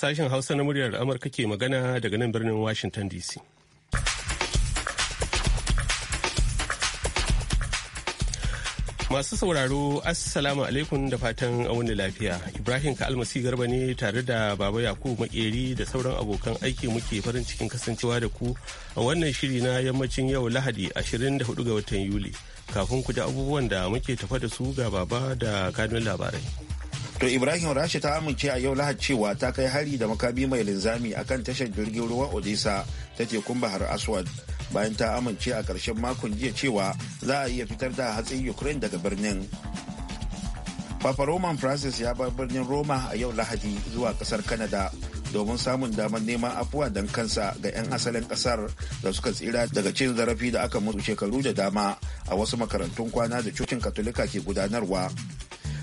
Sashen Hausa na muryar Amurka ke magana daga nan birnin Washington DC. Masu sauraro, Assalamu alaikum da fatan wani lafiya. Ibrahim ka Almasi Garba ne tare da Baba Yakubu Makeri da sauran abokan aiki muke farin cikin kasancewa da ku a wannan shiri na yammacin yau Lahadi 24 ga watan Yuli. Kafin ku ji abubuwan da muke tafa da su ga Baba da kanun labarai. To Ibrahim Rasha ta amince a yau Lahad cewa ta kai hari da makami mai linzami akan tashar jirgin ruwan Odisa ta tekun Bahar Aswad bayan ta amince a ƙarshen makon jiya cewa za a iya fitar da hatsin Ukraine daga birnin. Papa Roman Francis ya bar birnin Roma a yau Lahadi zuwa ƙasar Canada domin samun damar neman afuwa don kansa ga 'yan asalin ƙasar da suka tsira daga cin zarafi da aka mutu shekaru da dama a wasu makarantun kwana da cocin katolika ke gudanarwa.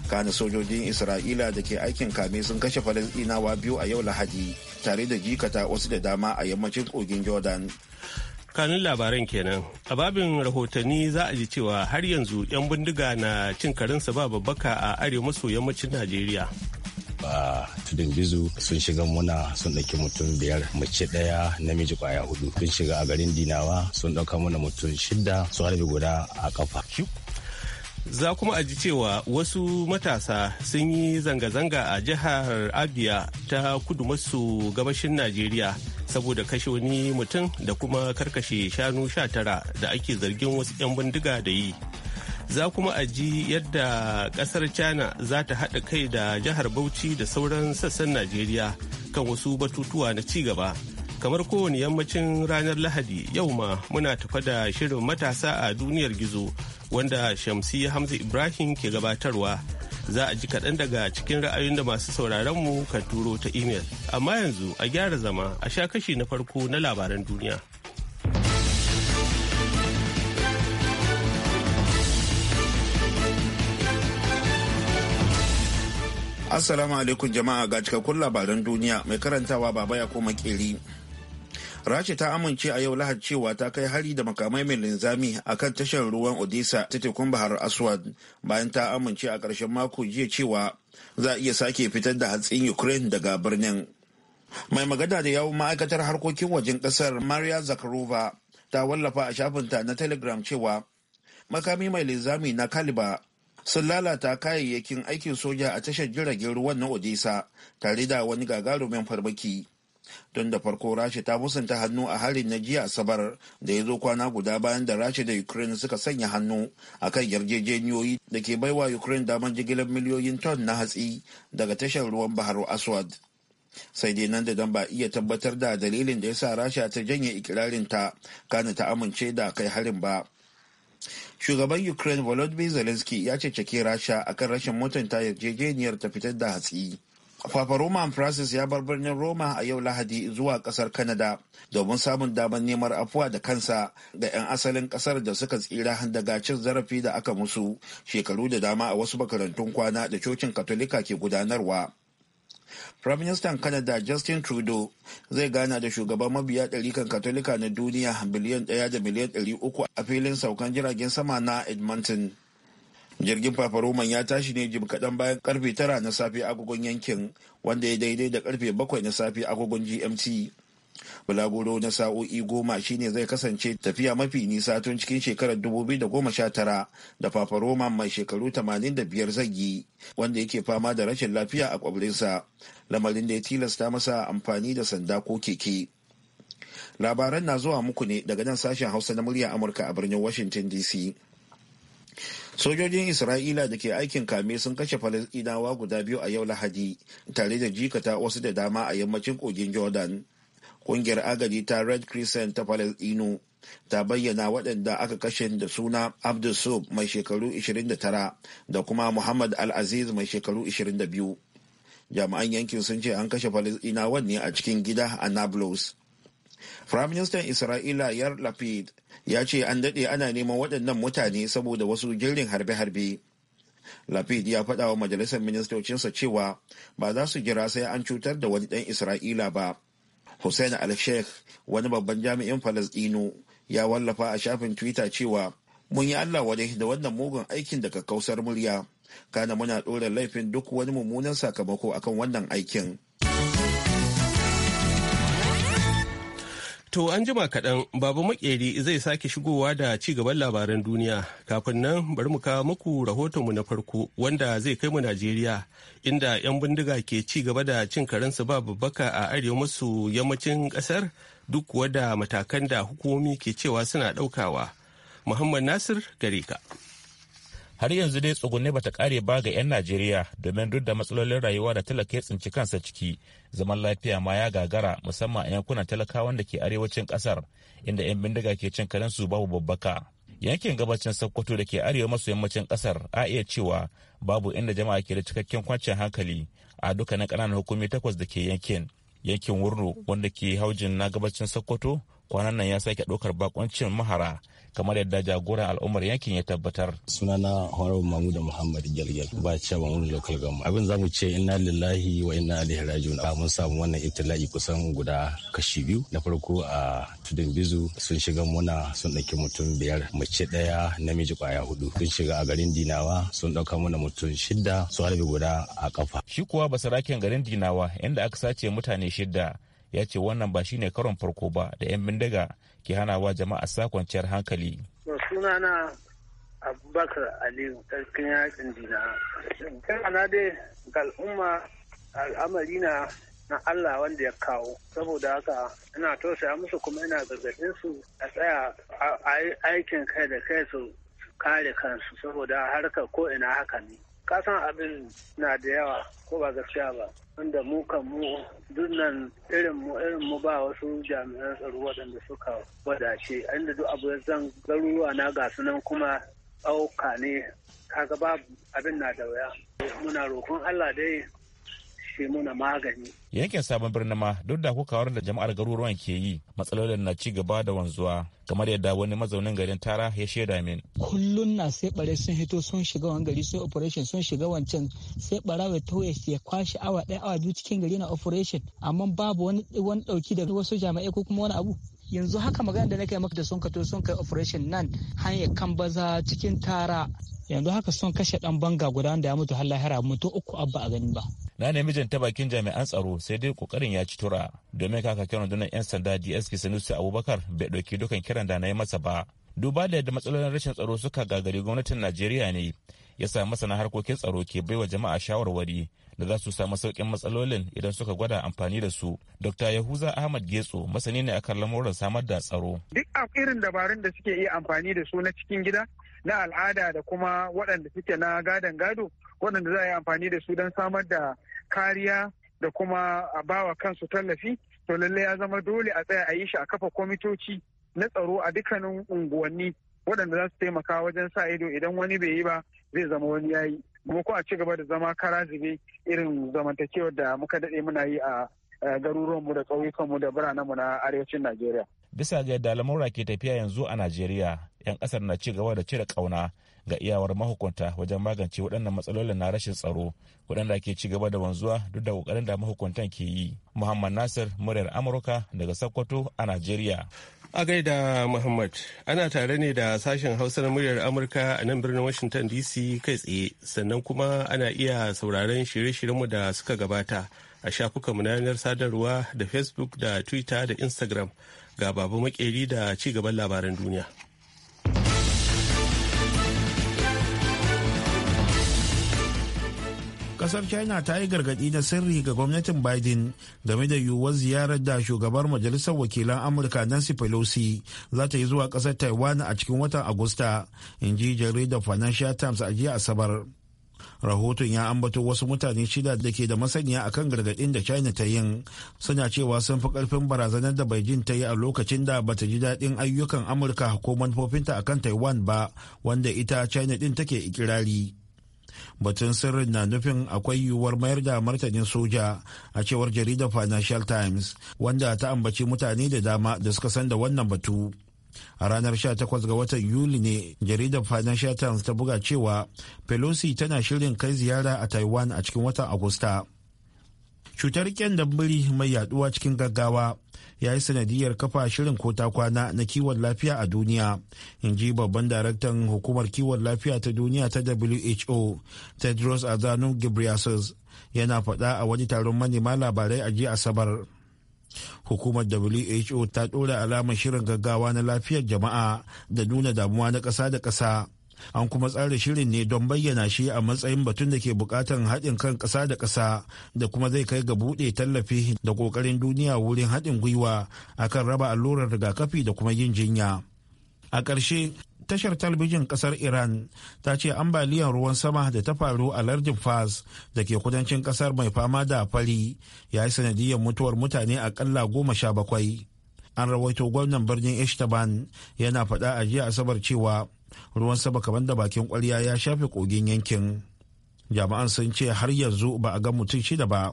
kana sojojin isra'ila da ke aikin kame sun kashe falasɗinawa biyu a yau lahadi tare da jikata wasu da dama a yammacin kogin jordan kanun labaran kenan a babin rahotanni za a ji cewa har yanzu 'yan bindiga na cin karinsa ba babbaka a arewa maso yammacin najeriya ba tudun bizu sun shiga muna sun ɗauki mutum biyar mace ɗaya namiji kwaya hudu sun shiga a garin dinawa sun ɗauka muna mutum shidda su harbi guda a kafa za kuma a ji cewa wasu matasa sun yi zanga-zanga a jihar abia ta kudu maso gabashin najeriya saboda kashe wani mutum da kuma karkashe shanu sha tara da ake zargin wasu 'yan bindiga da yi za kuma a ji yadda kasar china za ta haɗa kai da jihar bauchi da sauran sassan najeriya kan wasu batutuwa na ci gaba. kamar kowane yammacin ranar lahadi yau ma muna tafa da shirin matasa a duniyar gizo wanda shamsi hamza ibrahim ke gabatarwa za a ji kaɗan daga cikin ra'ayoyin da masu sauraron mu ka turo ta imel amma yanzu a gyara zama a sha kashi na farko na labaran duniya Assalamu alaikum jama'a ga cikakkun labaran duniya mai karantawa baba ya koma keri. rasha ta amince a yau lahadi cewa ta kai hari da makamai mai linzami a kan tashar ruwan odessa ta tekun bahar aswad bayan ta amince a ƙarshen mako jiya cewa za a iya sake fitar da hatsin ukraine daga birnin mai magana da yawon ma'aikatar harkokin wajen ƙasar maria zakharova ta wallafa a shafinta na telegram cewa makami mai linzami na kaliba sun lalata kayayyakin aikin soja a tashar jiragen ruwan na odisa tare da wani gagarumin farmaki don da farko rasha ta musanta hannu a harin na jiya asabar da ya zo kwana guda bayan da rasha da ukraine suka sanya hannu a kan yarjejeniyoyi da ke baiwa ukraine damar jigilar miliyoyin ton na hatsi daga tashar ruwan bahar aswad sai dai nan da dan ba iya tabbatar da dalilin da ya sa rasha ta janye ta kana ta amince da kai harin ba shugaban ukraine volodymyr zelensky ya ceceke rasha akan rashin mutunta yarjejeniyar ta fitar da hatsi Papa Roman Francis ya bar birnin Roma a yau Lahadi zuwa kasar kanada domin samun damar neman afuwa da kansa ga 'yan asalin kasar da suka tsira daga cin zarafi da aka musu shekaru da dama a wasu makarantun kwana da cocin Katolika ke gudanarwa. Firaministan Canada Justin Trudeau zai gana da shugaban mabiya ɗari kan Katolika na duniya biliyan ɗaya da miliyan ɗari uku a filin saukan jiragen sama na Edmonton. jirgin fafaroman ya tashi ne jim kaɗan bayan karfe tara na safe agogon yankin wanda ya daidai da karfe bakwai na safe agogon gmt bulaguro na sa'o'i goma shine zai kasance tafiya mafi nisa tun cikin shekarar 2019 da fafaroma mai shekaru 85 zai yi wanda yake fama da rashin lafiya a kwabrinsa lamarin da ya tilasta masa amfani da sanda ko keke labaran na zuwa muku ne daga nan sashen hausa na murya amurka a birnin washington dc sojojin isra'ila da ke aikin kame sun kashe falasɗinawa guda biyu a yau lahadi tare da jikata wasu da dama a yammacin kogin jordan kungiyar agaji ta red crescent ta falasɗinu ta bayyana waɗanda aka kashe da suna abdulsub mai shekaru 29 da kuma muhammad al-aziz mai shekaru 22 jami'an yankin sun ce an kashe falasɗinawan ne a cikin gida a nablus Firaministan Isra'ila Yar Lapid ya ce an daɗe ana neman waɗannan mutane saboda wasu jirin harbe-harbe. Lapid ya faɗa wa majalisar ministocinsa cewa ba za su jira sai an cutar da wani ɗan Isra'ila ba. Hussein Al-Sheikh wani babban jami'in Falasɗinu ya wallafa a shafin Twitter cewa mun yi Allah wadai da wannan mugun aikin daga kausar murya. Kana muna ɗora laifin duk wani mummunan sakamako akan wannan aikin. To an jima kaɗan Babu Makeri zai sake shigowa da ci gaban labaran duniya. Kafin nan bari mu kawo muku mu na farko wanda zai kai mu Najeriya inda 'yan bindiga ke ci gaba da cin karensu ba babbaka a arewa masu yammacin ƙasar duk kuwa da matakan da hukumomi ke cewa suna ɗaukawa. Muhammad Nasir gare har yanzu dai tsugunne bata kare ba ga 'yan najeriya domin duk da matsalolin rayuwa da talaka ya tsinci kansa ciki zaman lafiya ma ya gagara musamman a yankunan talakawan da ke arewacin kasar inda 'yan bindiga ke cin karensu babu babbaka yankin gabacin sokoto da ke arewa maso yammacin kasar a iya cewa babu inda jama'a ke da cikakken kwanciyar hankali a dukkanin ƙananan hukumi takwas da ke yankin yankin wurno wanda ke haujin na gabacin sokoto kwanan nan ya sake ɗaukar bakoncin mahara kamar yadda jagoran al'ummar yankin ya tabbatar. Sunana mamu da Muhammad Gyalgyal ba ce ba wani local government. Abin za mu ce inna lillahi wa inna ilaihi raji'un. Mun samu wannan ibtila'i kusan guda kashi biyu. Na farko a tudun bizu sun shiga muna sun ɗauki mutum biyar mace ɗaya namiji kwaya hudu. Sun shiga a garin Dinawa sun ɗauka muna mutum shidda su harbi guda a kafa. Shi kuwa basaraken garin Dinawa inda aka sace mutane shidda ya ce wannan ba shine karon farko ba da 'yan bindiga ke wa jama'a sa kwanciyar hankali. suna na abubakar aliyu sarkin yakin dina kana dai ga al'umma al'amari na na Allah wanda ya kawo saboda haka ina tausaya musu kuma ina gargaɗin su a tsaya aikin kai da kai su kare kansu saboda harkar ko ina haka ne kasan abin na da yawa ko ba gaskiya ba wanda mu kan mu nan irin mu irin mu ba wasu jami'an tsaro waɗanda suka wadace inda duk abu ya zan garuruwa na gasu nan kuma auka ne kaga babu abin na da wuya muna roƙon Allah dai kashe muna magani. Yankin sabon birnin ma duk da kokawar da jama'ar garuruwan ke yi matsalolin na ci gaba da wanzuwa kamar yadda wani mazaunin garin tara ya shaida min. Kullun na sai bare sun hito sun shiga wani gari sun operation sun shiga wancan sai barawa tauye ya kwashi awa ɗaya awa biyu cikin gari na operation amma babu wani wani dauki da wasu jami'ai ko kuma wani abu. Yanzu haka magana da na kai maka da sun kato sun kai operation nan hanyar kan baza cikin tara yanzu haka sun kashe dan banga guda wanda ya mutu har lahira mutu uku abba a gani ba na nemi janta bakin jami'an tsaro sai dai kokarin ya ci tura domin kaka kakakin rundunar 'yan sanda dsk sanusi abubakar bai ɗauki dukan kiran da na yi masa ba duba da yadda matsalolin rashin tsaro suka gagari gwamnatin najeriya ne ya sa masana harkokin tsaro ke baiwa jama'a shawarwari da za su samu sauƙin matsalolin idan suka gwada amfani da su. Dr. Yahuza Ahmad Getso masani ne akan lamuran samar da tsaro. Duk a irin dabarun da suke iya amfani da su na cikin gida na al'ada da kuma waɗanda suke na gadon gado waɗanda za a yi amfani da su don samar da kariya da kuma a bawa kansu tallafi to lallai ya zama dole a tsaya a yi shi a kafa kwamitoci na tsaro a dukkanin unguwanni waɗanda za su taimaka wajen sa ido idan wani bai yi ba zai zama wani yayi kuma ko a ci gaba da zama kara zube irin zamantakewar da muka daɗe muna yi a eh, garuruwanmu da ƙauyukanmu da biranenmu na arewacin najeriya bisa ga yadda lamura ke tafiya yanzu a najeriya 'yan ƙasar na ci gaba da cire ƙauna ga iyawar mahukunta wajen magance waɗannan matsalolin na rashin tsaro waɗanda ke ci gaba da wanzuwa duk da ƙoƙarin da mahukuntan ke yi. Muhammad Nasir muryar Amurka daga Sokoto a Najeriya. A gaida Muhammad, ana tare ne da sashen Hausa na muryar Amurka a nan birnin Washington DC kai tsaye, sannan kuma ana iya sauraron shirye-shiryenmu da suka gabata a shafukanmu na yanar sadarwa da Facebook da Twitter da Instagram ga babu makeri da ci gaban labaran duniya. kasar china ta yi gargadi na sirri ga gwamnatin biden game da yiwuwar ziyarar da shugabar majalisar wakilan amurka nancy pelosi za ta yi zuwa kasar taiwan a cikin watan agusta in ji jaridar financial times a jiya asabar rahoton ya ambato wasu mutane shida da ke da masaniya akan gargadin da china ta yin suna cewa sun fi karfin barazanar da beijing ta yi a lokacin da bata ji daɗin ayyukan amurka ko manufofinta akan taiwan ba wanda ita china ɗin take ikirari batun sirrin na nufin akwai yiwuwar mayar da martanin soja a cewar jaridar financial times wanda ta ambaci mutane da dama da suka san da wannan batu a ranar 18 ga watan yuli ne jaridar financial times ta buga cewa pelosi tana shirin kai ziyara a taiwan a cikin watan agusta cutar kyan kyandambiri mai yaduwa cikin gaggawa ya yi sanadiyar kafa shirin ko ta kwana na kiwon lafiya a duniya in ji babban daraktan hukumar kiwon lafiya ta duniya ta who tedros adhanom ghebreyesus yana faɗa a wani taron manema labarai a jiya asabar hukumar who ta ɗora alamar shirin gaggawa na lafiyar jama'a da nuna damuwa na ƙasa da ƙasa an kuma tsara shirin ne don bayyana shi a matsayin batun da ke bukatan haɗin kan ƙasa da ƙasa da kuma zai kai ga buɗe tallafi da ƙoƙarin duniya wurin haɗin gwiwa akan raba allurar rigakafi da kuma yin jinya a ƙarshe tashar talbijin ƙasar iran ta ce ambaliyar ruwan sama da ta faru a lardin fas da ke kudancin ƙasar mai fama da fari ya yi sanadiyar mutuwar mutane aƙalla goma sha bakwai an rawaito gwamnan birnin ishtaban yana faɗa a jiya asabar cewa ruwan sama kamar da bakin kwarya ya shafe kogin yankin jami'an sun ce har yanzu ba a ga mutum shida ba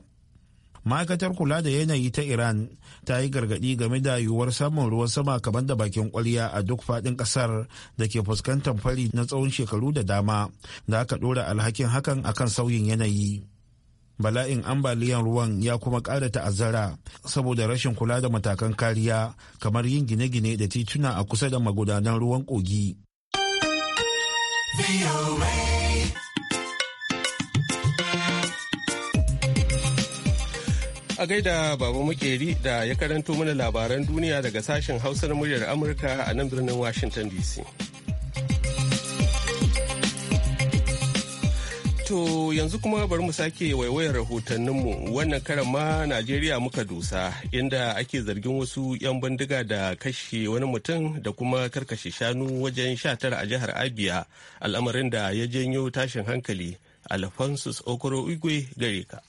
ma'aikatar kula da yanayi ta iran ta yi gargadi game da yiwuwar samun ruwan sama kamar da bakin kwarya a duk fadin kasar da ke fuskantar fari na tsawon shekaru da dama da aka dora alhakin hakan akan sauyin yanayi bala'in ambaliyan ruwan ya kuma ƙara ta'azzara saboda rashin kula da matakan kariya kamar yin gine-gine da tituna a kusa da magudanan ruwan kogi A gaida Baba Makeri da ya karanto mana labaran duniya daga sashen Hausa na muryar Amurka a nan birnin Washington DC. To yanzu kuma bari mu sake waiwayar rahotanninmu wannan karan ma Najeriya muka dusa inda ake zargin wasu 'yan bindiga da kashe wani mutum da kuma karkashe shanu wajen sha a jihar Abia al'amarin da ya janyo tashin hankali Alphonsus Okoro Igwe gare ka.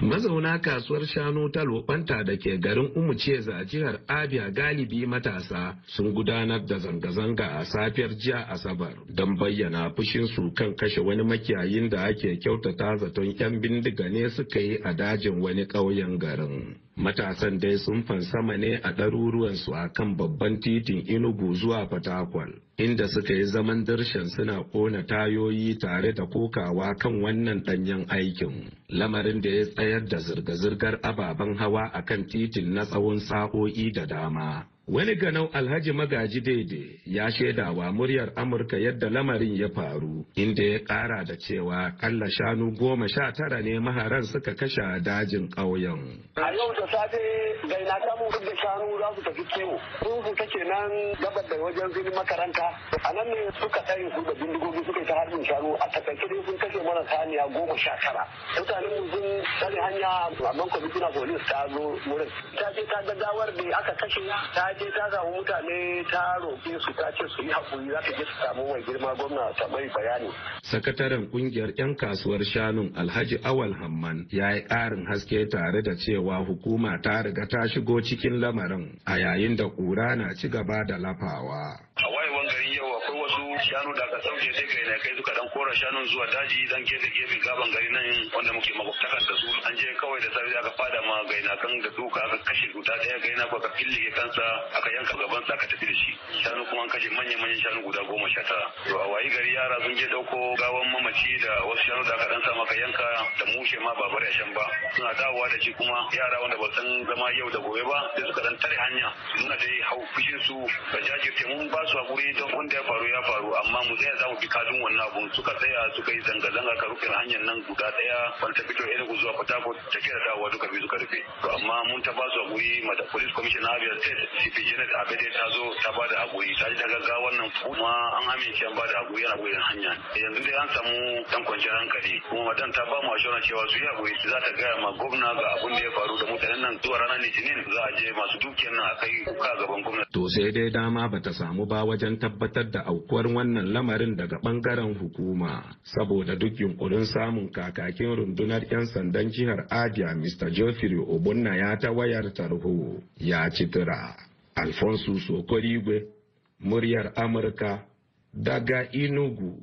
Mazauna kasuwar shanu ta lobanta da ke garin Umuceza a jihar Abia galibi matasa sun gudanar da zanga-zanga a safiyar jiya Asabar don bayyana fushin su kan kashe wani makiyayin da ake kyautata zaton 'yan bindiga ne suka yi a dajin wani ƙauyen garin. matasan dai sun fansama ne a ɗaruruwansu a kan babban titin inugu zuwa fatakwal inda suka yi zaman darshen suna kona tayoyi tare da kokawa kan wannan ɗanyen aikin lamarin da ya tsayar da zirga-zirgar ababen hawa a kan titin na tsawon sa'o'i da dama Wani ganau Alhaji Magaji Daidai ya shaidawa muryar Amurka yadda lamarin ya faru, inda ya ƙara da cewa kalla shanu goma sha tara ne maharan suka kashe dajin ƙauyen. A yau da safe bai na samu da shanu za su tafi kiwo. Sun take nan gabar da wajen zini makaranta. A nan ne suka tsaye su da bindigogi suka yi ta harbin shanu a takaice dai sun kashe mana saniya goma sha tara. Mutanen mu sun tsare hanya amma kwamitin police ta zo wurin. Ta ce ta gaggawar da aka kashe ta je ta samu mutane ta roƙe su ta ce su yi haƙuri za ta je su samu mai girma gwamna ta mai bayani. Sakataren kungiyar 'yan kasuwar shanun Alhaji Awal Hamman ya yi ƙarin haske tare da cewa hukuma ta riga ta shigo cikin lamarin a yayin da ƙura na ci gaba da lafawa. sauke sai kai da kai suka dan kora shanun zuwa daji dan gefe gefe gaban gari nan wanda muke makwabtaka da su an je kawai da safe aka fada ma gaina kan da duka aka kashe guda daya gaina ko aka fille kansa aka yanka gaban sa aka tafi da shi shanu kuma an kashe manyan manyan shanu guda goma sha tara to a wayi gari yara sun je dauko gawan mamaci da wasu shanu da aka dan sa maka yanka da mushe ma ba bare shan ba suna dawowa da shi kuma yara wanda ba san zama yau da gobe ba sai suka dan tare hanya nuna dai hau fushin su da jajirce mun ba su hakuri don wanda ya faru ya faru amma mu hanyar zamu mu kadin wannan abun suka tsaya suka yi zanga-zanga ka rufe hanyar nan guda daya wani ta fito enugu zuwa port harcourt tafiya da dawowa duka biyu suka rufe to amma mun ta ba su haƙuri mata police na abia state cp janet abede ta zo ta ba da haƙuri ta ji ta gaggawa wannan kuma an amince an ba da haƙuri yana goyon hanya eh, yanzu dai an samu dan kwanciyar hankali kuma matan ta ba mu ashona cewa su yi haƙuri za ta gaya ma gwamna ga abun da ya faru da mutanen nan zuwa ranar litinin za a je masu dukiyar nan a kai kuka gaban gwamnati. to sai dai dama bata samu ba wajen tabbatar da aukuwar wannan lamarin lamarin daga bangaren hukuma saboda duk yunkurin samun kakakin rundunar 'yan sandan jihar abia mr geoffrey obunna ya ta wayar tarho ya ci tura alfonso sokorigwe muryar amurka daga inugu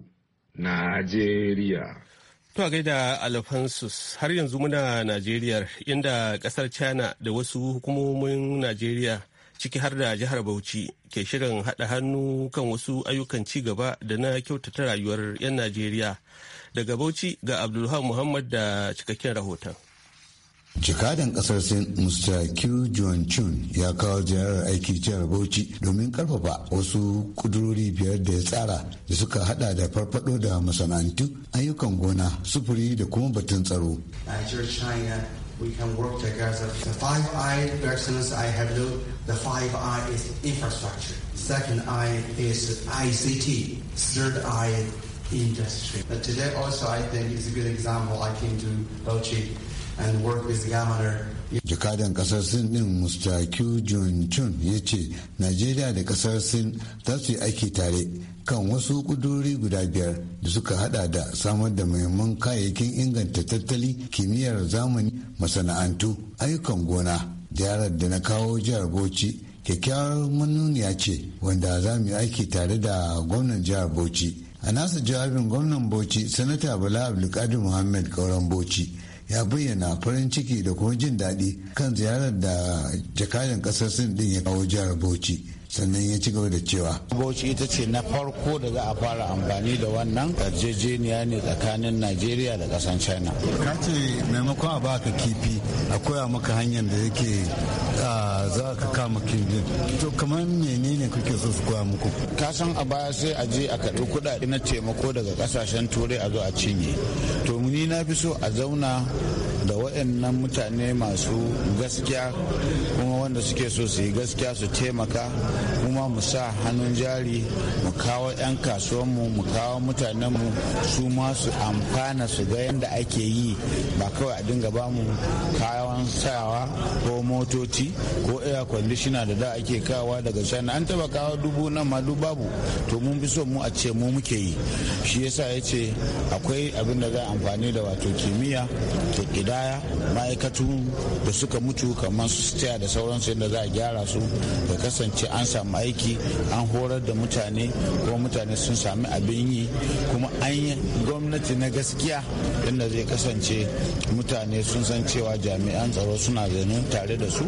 najeriya To gaida Alphonsus har yanzu muna Najeriya inda kasar China da wasu hukumomin Najeriya ciki har da jihar Bauchi ke shirin haɗa hannu kan wasu ayyukan ci gaba da na kyautata rayuwar 'yan Najeriya. Daga Bauchi ga Abdulhan Muhammad da cikakken rahoton. jikadan kasar sin mr q john chun ya kawo ziyarar aiki jihar bauchi domin karfafa wasu kudurori biyar da ya tsara da suka hada da farfado da masana'antu ayyukan gona sufuri da kuma batun tsaro we can work together. The five I excellence I have known, the five I is infrastructure. Second I is ICT. Third I industry. But today also I think is a good example. I came to Bochi and work with the governor jakadan kasar sin din mr q jun chun Yichi Nigeria najeriya da kasar sin za su yi aiki tare kan wasu kuduri guda biyar da suka hada da samar da muhimman kayayyakin inganta tattali kimiyyar zamani masana'antu ayyukan gona ziyarar da na kawo jihar bauchi kyakkyawar manuniya ce wanda za mu yi aiki tare da gwamnan jihar bauchi a nasa jawabin gwamnan bauchi sanata bala abdulkadir muhammad kauran bauchi ya bayyana farin ciki da kuma jin daɗi kan ziyarar da jakadan ƙasar sin ɗin ya kawo jihar bauchi sannan ya ci gaba da cewa bauchi ita ce na farko da za a fara amfani da wannan yarjejeniya ne tsakanin najeriya da kasan china ka ce maimakon a baka kifi a koya maka hanyar da yake za ka kama kifin to kamar menene kuke so su koya muku ka san a baya sai a je a kaɗi kuɗaɗe na taimako daga kasashen turai a zo a cinye to ni na fi so a zauna da waɗannan mutane masu gaskiya kuma wanda suke so su yi gaskiya su taimaka kuma mu sa hannun jari mu kawo 'yan kasuwanmu mu kawo mutanenmu su ma su amfana su ga yadda ake yi ba kawai a dinga ba mu kayan sayawa ko motoci ko air conditioner da da ake kawa daga sana an taba kawo dubu nan ma duk babu to mun fi so mu a ce mu muke yi shi yasa ya ce akwai abin da za amfani da wato kimiyya to baya ma'aikatu da suka mutu kamar su da sauransu yadda za a gyara su da kasance an samu aiki an horar da mutane kuma mutane sun sami abin yi kuma an yi gwamnati na gaskiya yadda zai kasance mutane sun san cewa jami'an tsaro suna zane tare da su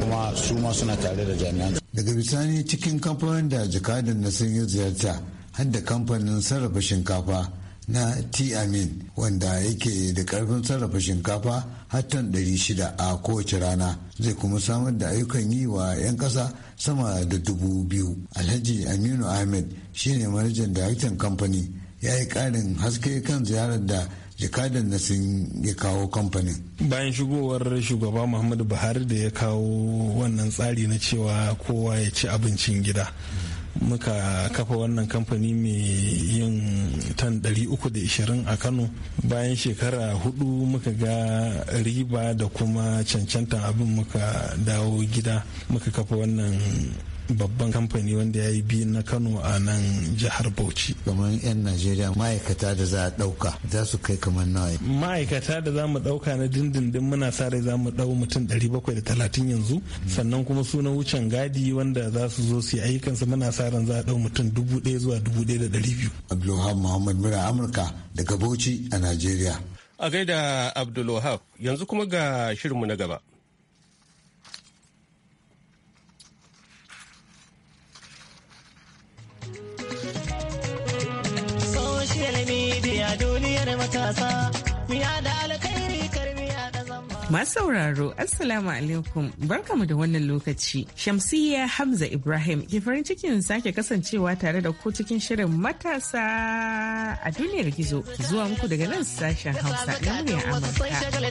kuma su ma suna tare da jami'an daga bisani cikin kamfanin da jakadan na sun yi ziyarta har kamfanin sarrafa shinkafa na tiamin wanda yake da karfin sarrafa shinkafa hatton 600 a kowace rana zai kuma samar da ayyukan yi wa 'yan kasa sama da dubu biyu alhaji aminu ahmed shine manajan daraktan kamfani ya yi karin haske kan ziyarar da jakadan na sun ya kawo kamfanin. Bayan shigowar shugaba Muhammadu Buhari da ya kawo wannan tsari na cewa kowa ya ci abincin gida. muka kafa wannan kamfani mai yin tan 320 a kano bayan shekara hudu muka ga riba da kuma cancantan abin muka dawo gida muka kafa wannan babban kamfani wanda ya yi biyu na kano a nan jihar bauchi kamar 'yan najeriya ma'aikata da za a ɗauka za su kai kamar nawa ma'aikata da za mu ɗauka na dindindin muna sa rai za mu ɗau mutum talatin yanzu sannan kuma sunan wucin gadi wanda za su zo su yi ayyukansu muna sa ran za a ɗau mutum 1000 zuwa 1200 abdulhamid muhammad mura amurka daga bauchi a najeriya a gaida abdulwahab yanzu kuma ga shirinmu na gaba duniya duniyar matasa miya da Masu sauraro, Assalamu alaikum, barkamu da wannan lokaci. Shamsiyya Hamza Ibrahim ke farin cikin sake kasancewa tare da ku cikin shirin matasa a duniyar gizo zuwa muku daga nan sashen Hausa na muryar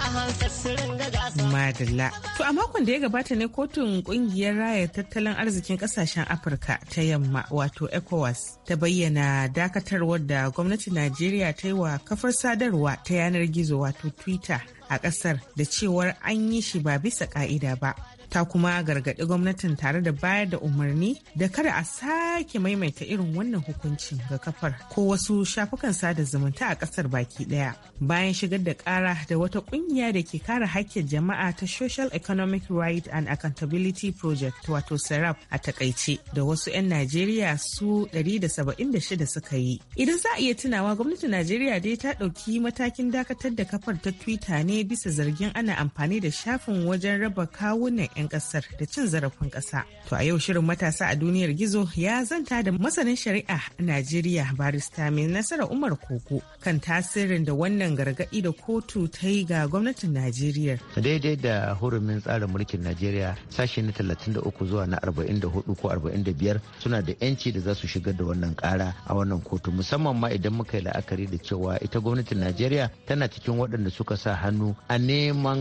Amurka. Madalla. To a makon da ya gabata ne kotun kungiyar raya tattalin arzikin kasashen Afirka ta yamma wato ECOWAS ta bayyana dakatarwar da gwamnatin Najeriya ta yi wa kafar sadarwa ta yanar gizo wato Twitter a ƙasar da cewar an yi shi ba bisa ƙa'ida ba ta kuma gargaɗi gwamnatin tare da bayar da umarni da kada a sake maimaita irin wannan hukuncin ga kafar ko wasu shafukan sada zumunta a ƙasar baki ɗaya bayan shigar da ƙara da wata ƙungiya da ke kare hakkin jama'a ta social economic right and accountability project wato sarap a takaice da wasu 'yan najeriya su 176 suka yi idan za a iya tunawa gwamnatin najeriya dai ta ɗauki matakin dakatar da kafar ta twitter ne bisa zargin ana amfani da shafin wajen raba kawunan 'yan kasar da cin zarafin kasa. To a yau shirin matasa a duniyar gizo ya zanta da masanin shari'a a Najeriya barista mai nasara Umar Koko kan tasirin da wannan gargaɗi da kotu ta yi ga gwamnatin Najeriya. Daidai da hurumin tsarin mulkin Najeriya sashe na 33 zuwa na 44 ko 45 suna da 'yanci da za su shigar da wannan kara a wannan kotu musamman ma idan muka yi la'akari da cewa ita gwamnatin Najeriya tana cikin waɗanda suka sa hannu a neman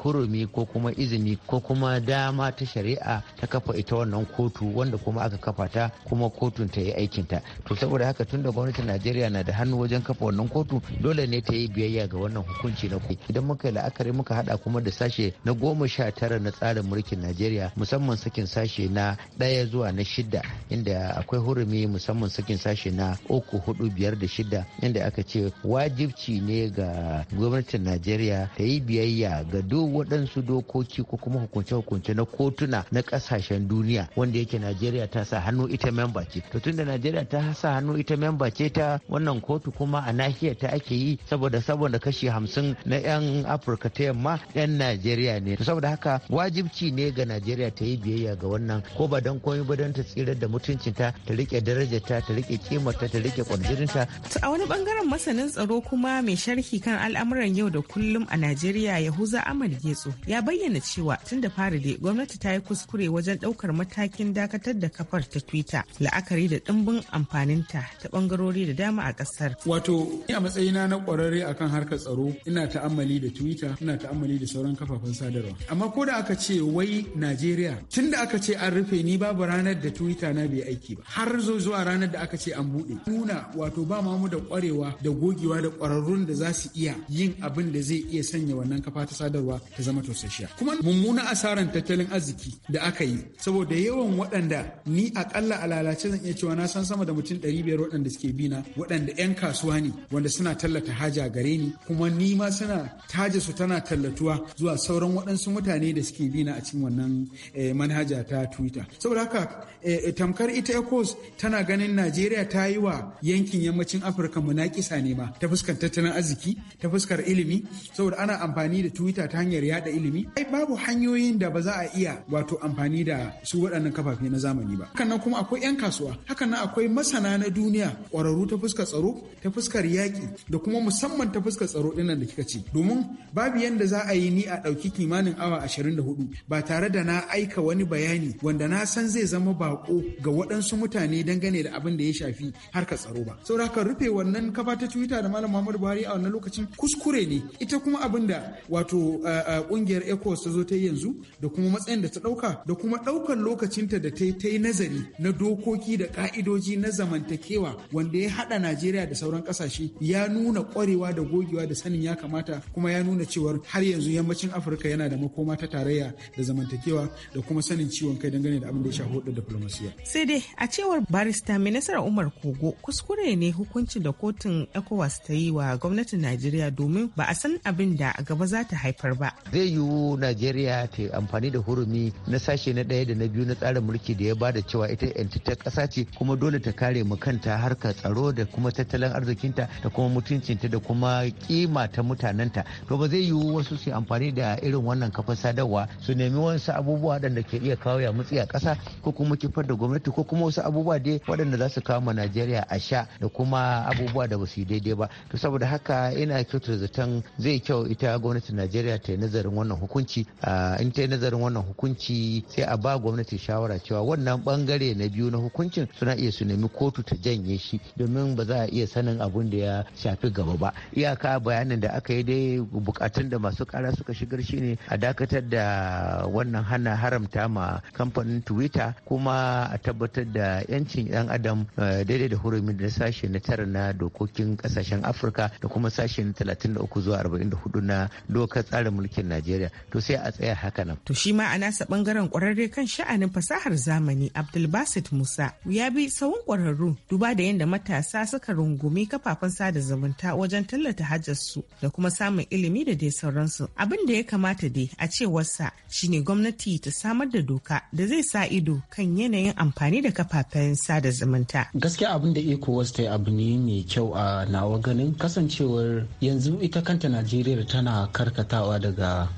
hurumi ko kuma izini ko kuma kuma dama ta shari'a ta kafa ita wannan kotu wanda kuma aka kafa ta kuma kotun ta yi aikinta to saboda haka tunda gwamnatin najeriya na da hannu wajen kafa wannan kotu dole ne ta yi biyayya ga wannan hukunci na kotu idan muka yi la'akari muka hada kuma da sashe na goma sha tara na tsarin mulkin najeriya musamman sakin sashe na ɗaya zuwa na shida inda akwai hurumi musamman sakin sashe na uku hudu biyar da shida inda aka ce wajibci ne ga gwamnatin najeriya ta yi biyayya ga duk waɗansu dokoki ko kuma hukuncin. hukunce-hukunce na kotuna na kasashen duniya wanda yake najeriya ta sa hannu ita memba ce to tunda najeriya ta sa hannu ita memba ce ta wannan kotu kuma a nahiyar ta ake yi saboda saboda kashi hamsin na 'yan afirka ta yamma 'yan najeriya ne to saboda haka wajibci ne ga najeriya ta yi biyayya ga wannan ko ba don komai ba don ta tsirar da mutuncinta ta rike darajarta ta rike kimarta ta rike kwanjirinta a wani bangaren masanin tsaro kuma mai sharhi kan al'amuran yau da kullum a najeriya yahuza amal getso ya bayyana cewa tun da fari dai gwamnati ta yi kuskure wajen ɗaukar matakin dakatar da kafar ta Twitter la'akari da ɗimbin amfaninta ta bangarori da dama a kasar Wato, ni a matsayina na kwararre akan harkar tsaro ina ta'ammali da Twitter, ina ta'ammali da sauran kafafen sadarwa. Amma ko da aka ce wai Najeriya, tun da aka ce an rufe ni babu ranar da Twitter na bai aiki ba. Har zo zuwa ranar da aka ce an buɗe. Nuna wato ba mu da kwarewa da gogewa da ƙwararrun da za su iya yin abin da zai iya sanya wannan kafa ta sadarwa ta zama tosashiya Kuma mummuna asaran tattalin arziki da aka yi saboda yawan waɗanda ni akalla a lalace zan iya cewa na san sama da mutum 500 waɗanda suke bina waɗanda 'yan kasuwa ne wanda suna tallata haja gare ni kuma ni ma suna taje su tana tallatuwa zuwa sauran waɗansu mutane da suke bina a cikin wannan eh, manhaja ta twitter saboda haka eh, tamkar ita ecos tana ganin najeriya ta yi wa yankin yammacin afirka munakisa ne ma ta fuskar tattalin arziki ta fuskar ilimi saboda ana amfani da twitter ta hanyar yada ilimi ai babu hanyoyin yayin da ba za a iya wato amfani da su waɗannan kafafe na zamani ba hakan nan kuma akwai 'yan kasuwa hakan nan akwai masana na duniya ƙwararru ta fuskar tsaro ta fuskar yaƙi da kuma musamman ta fuskar tsaro ɗinnan da kika ce domin babu yadda za a yi ni a ɗauki kimanin awa hudu ba tare da na aika wani bayani wanda na san zai zama bako ga waɗansu mutane dangane da abin da ya shafi harkar tsaro ba saboda haka rufe wannan kafa ta twitter da malam muhammadu buhari a wannan lokacin kuskure ne ita kuma abin da wato eh, eh, ƙungiyar ecos ta zo ta yi yanzu da kuma matsayin da ta ɗauka da kuma ɗaukar lokacinta da ta yi nazari na dokoki da ƙa'idoji na zamantakewa wanda ya haɗa Najeriya da sauran ƙasashe ya nuna ƙwarewa da gogewa da sanin ya kamata kuma ya nuna cewar har yanzu yammacin Afirka yana da makoma ta tarayya da zamantakewa da kuma sanin ciwon kai dangane da abin da ya shafi hudu diplomasiya. Sai dai a cewar barista mai nasarar Umar Kogo kuskure ne hukuncin da kotun ECOWAS ta yi wa gwamnatin Najeriya domin ba a san abin da a gaba za ta haifar ba. Zai yiwu Najeriya ta amfani da hurumi na sashe na ɗaya da na biyu na tsarin mulki da ya bada cewa ita yantattar ƙasa ce kuma dole ta kare mu kanta harkar tsaro da kuma tattalin arzikinta da kuma mutuncinta da kuma kima ta mutanenta to ba zai yiwu wasu su amfani da irin wannan kafar sadarwa su nemi wasu abubuwa waɗanda ke iya kawo ya mutsi a ƙasa ko kuma kifar da gwamnati ko kuma wasu abubuwa dai waɗanda za su kawo ma Najeriya a sha da kuma abubuwa da ba su yi daidai ba to saboda haka ina kyautar zaton zai kyau ita gwamnatin Najeriya ta yi nazarin wannan hukunci a ta yi nazarin wannan hukunci sai a ba gwamnati shawara cewa wannan bangare na biyu na hukuncin suna iya su nemi kotu ta janye shi domin ba za a iya sanin abun da ya shafi gaba ba iyaka bayanin da aka yi dai bukatun da masu kara suka shigar shi ne a dakatar da wannan hana haramta ma kamfanin twitter kuma a tabbatar da yancin yan adam eh, daidai da hurumin da sashe na tara na dokokin kasashen afirka da kuma sashe na 33 zuwa 44 na dokar tsarin mulkin najeriya to sai a tsaya haka to shi ma a nasa bangaren kwararre kan sha'anin fasahar zamani abdulbasit musa ya bi sawun kwararru duba da yadda matasa suka rungumi kafafen sada zumunta wajen tallata hajjarsu da kuma samun ilimi da dai sauransu abin da ya kamata dai a cewarsa shine gwamnati ta samar da doka da zai sa ido kan yanayin amfani da kafafen sada zumunta gaskiya abin da iko wasu ta abu ne mai kyau a nawa ganin kasancewar yanzu ita kanta najeriya tana karkatawa daga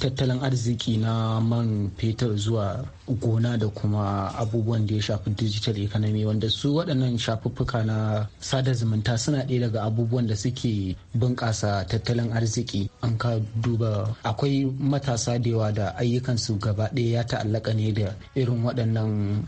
tattalin arziki na man fetur zuwa gona da kuma abubuwan da ya shafi digital economy wanda su waɗannan shafuffuka na sada zumunta suna ɗaya daga abubuwan da suke bunƙasa tattalin arziki an ka duba akwai matasa da yawa da ayyukansu gaba ɗaya ya ta'allaka ne da irin waɗannan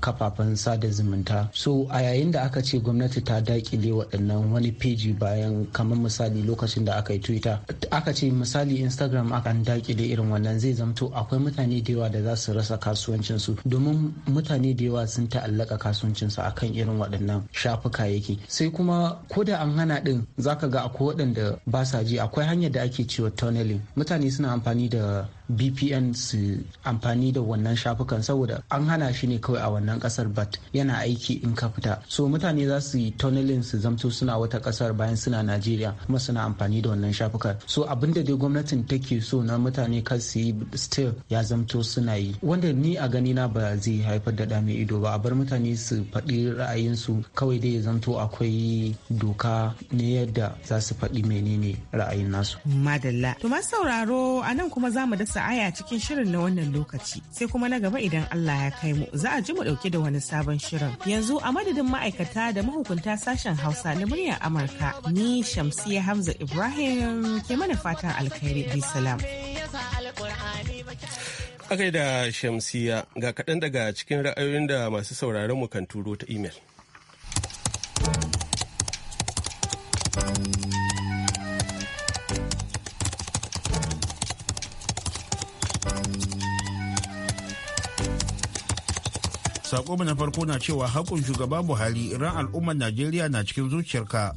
kafafen sada zumunta so a yayin da aka ce gwamnati ta daƙile waɗannan wani peji bayan kamar misali lokacin da aka yi twitter aka ce misali instagram akan daƙile irin wannan zai zamto akwai mutane da yawa da za su rasa kasuwancinsu domin mutane da yawa sun ta'allaka kasuwancinsu kan irin waɗannan shafuka yake sai kuma ko da an hana ɗin zaka ga akwai waɗanda ba sa ji akwai hanyar da ake cewa tunneling mutane suna amfani da bpn su amfani da wannan shafukan saboda an hana shi ne kawai a wannan kasar bat yana aiki in ka fita so mutane za su yi tunnelin su zamto suna wata kasar bayan suna najeriya kuma suna amfani da wannan shafukan so abin da dai gwamnatin take so na mutane kar su yi still ya zamto suna yi wanda ni a gani na ba zai haifar da dami ido ba a bar mutane su faɗi ra'ayinsu kawai dai ya zamto akwai doka ne yadda za su faɗi menene ra'ayin nasu madalla to masu sauraro a nan kuma za mu da sa'aya cikin shirin na wannan lokaci sai kuma na gaba idan Allah ya kai mu za a ji mu dauke da wani sabon shirin yanzu a madadin ma'aikata da mahukunta sashen Hausa na muryar Amurka ni Shamsiya Hamza Ibrahim ke mana fatan alkhairi bi salam Akai da Shamsiya ga kaɗan daga cikin ra'ayoyin da masu sauraron mu kan turo ta imel. sakonmu na farko na cewa hakun shugaba buhari ran al'ummar najeriya na cikin zuciyarka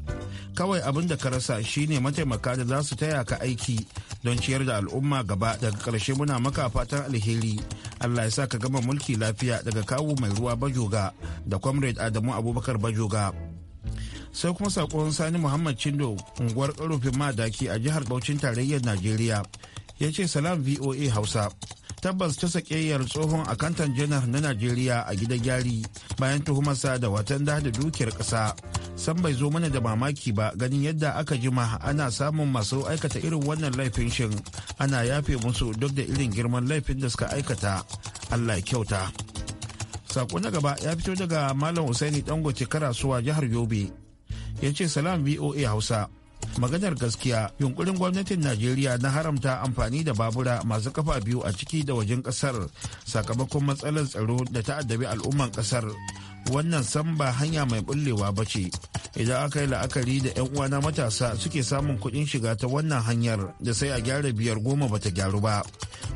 kawai abin da ka rasa shine mataimaka da za su taya ka aiki don ciyar da al'umma gaba daga karshe muna maka fatan alheri allah ya sa ka gama mulki lafiya daga kawu mai ruwa bajoga da comrade adamu abubakar bajoga sai kuma sakon sani muhammad chindo unguwar karofin madaki a jihar bauchin tarayyar najeriya ya ce salam voa hausa tabbas ta sakeyar tsohon akantan janar na najeriya a gidan gyari bayan tuhumarsa da watan da dukiyar ƙasa san bai zo mana da mamaki ba ganin yadda aka jima ana samun masu aikata irin wannan laifin shin ana yafe musu duk da irin girman laifin da suka aikata allah ya kyauta sako na gaba ya fito daga malam usaini dangote karasuwa jihar yobe ya ce salam voa hausa maganar gaskiya yunkurin gwamnatin najeriya na haramta amfani da babura masu kafa biyu a ciki da wajen kasar sakamakon matsalar tsaro da ta addabi al'umman kasar wannan san ba hanya mai bullewa ba ce idan aka yi la'akari da 'yan uwana matasa suke samun kuɗin shiga ta wannan hanyar da sai a gyara biyar goma ba ta gyaru ba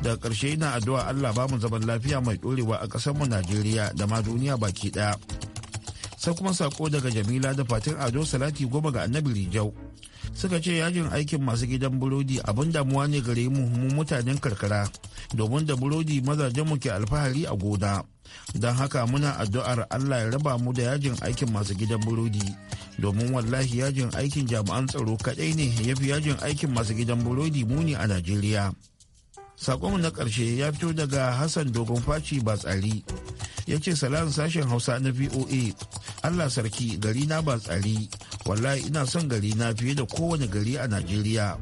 daga ƙarshe na addu'a allah ba mu zaman lafiya mai ɗorewa a ƙasarmu najeriya da ma duniya baki ɗaya sai kuma sako daga jamila da fatin ado salati goma ga annabi rijau suka ce yajin aikin masu gidan burodi abin damuwa ne gare mu mutanen karkara domin da burodi mazajen mu ke alfahari a gona don haka muna addu'ar allah ya raba mu da yajin aikin masu gidan burodi domin wallahi yajin aikin jami'an tsaro kaɗai ne ya fi yajin aikin masu gidan burodi muni a najeriya sakonmu na karshe ya fito daga hassan dogon faci ba tsari ya ce salam sashen hausa na voa allah sarki gari na ba tsari wallahi ina son gari na fiye da kowane gari a najeriya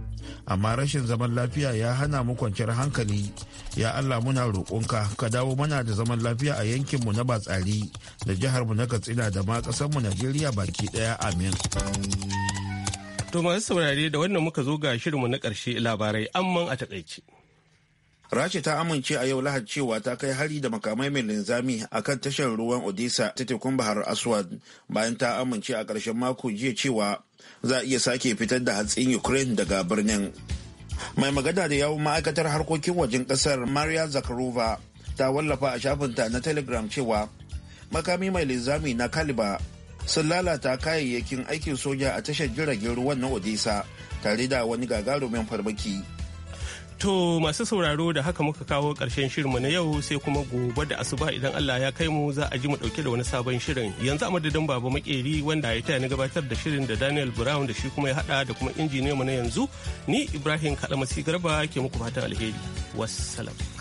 amma rashin zaman lafiya ya hana mu kwanciyar hankali ya allah muna roƙonka ka dawo mana da zaman lafiya a yankinmu na batsari da jiharmu na katsina da ma ƙasarmu najeriya baki ɗaya amin to masu saurare da wannan muka zo ga shirinmu na ƙarshe labarai amman a takaice. Rasha ta amince a yau Lahad cewa ta kai hari da makamai mai linzami a kan tashar ruwan Odessa ta tekun Bahar Aswad bayan ta amince a ƙarshen mako jiya cewa za a iya sake fitar da hatsin Ukraine daga birnin. Mai magana da yawun ma'aikatar harkokin wajen ƙasar Maria Zakharova ta wallafa a shafinta na Telegram cewa makami mai linzami na Kaliba sun lalata kayayyakin aikin soja a tashar jiragen ruwan na Odessa tare da wani gagarumin farmaki. To masu sauraro da haka muka kawo ƙarshen shirinmu na yau sai kuma gobe da asuba idan Allah ya kai mu za a ji mu ɗauke da wani sabon shirin. Yanzu a madadin Baba Makeri wanda ya taya ni gabatar da shirin da Daniel Brown da shi kuma ya haɗa da kuma injiniyanmu na yanzu ni Ibrahim Kalamasi Garba ke muku fatan alheri. Wassalam.